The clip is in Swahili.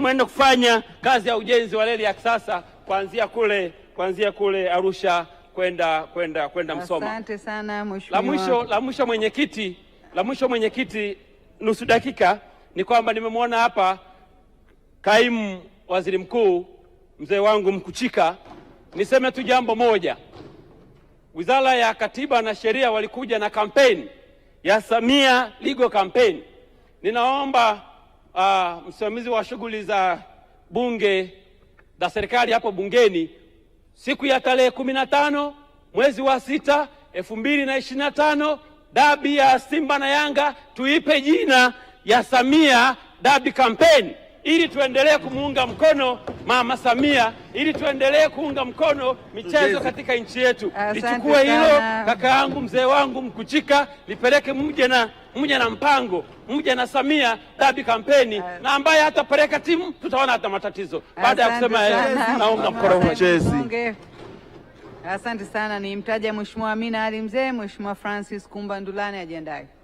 Tumeenda kufanya kazi ya ujenzi wa reli ya kisasa kuanzia kule kuanzia kule Arusha kwenda kwenda kwenda Msoma. Asante sana mheshimiwa. La mwisho la mwisho mwenyekiti, la mwisho mwenyekiti, nusu dakika ni kwamba nimemwona hapa kaimu waziri mkuu mzee wangu Mkuchika. Niseme tu jambo moja, wizara ya katiba na sheria walikuja na kampeni ya Samia Legal Campaign. Ninaomba uh, msimamizi wa shughuli za bunge za serikali hapo bungeni siku ya tarehe kumi na tano mwezi wa sita elfu mbili na ishirini na tano dabi ya Simba na Yanga tuipe jina ya Samia Dabi Campaign ili tuendelee kumuunga mkono Mama Samia ili tuendelee kuunga mkono michezo katika nchi yetu. Lichukue hilo kaka yangu mzee wangu Mkuchika, lipeleke mje na mje na mpango mje na Samia dabi kampeni, na ambaye hatapeleka timu tutaona hata matatizo baada ya kusema naunga mkono mchezi. Asante sana, ni mtaja Mheshimiwa Amina Ali Mzee, Mheshimiwa Francis Kumba ndulani ajiandae.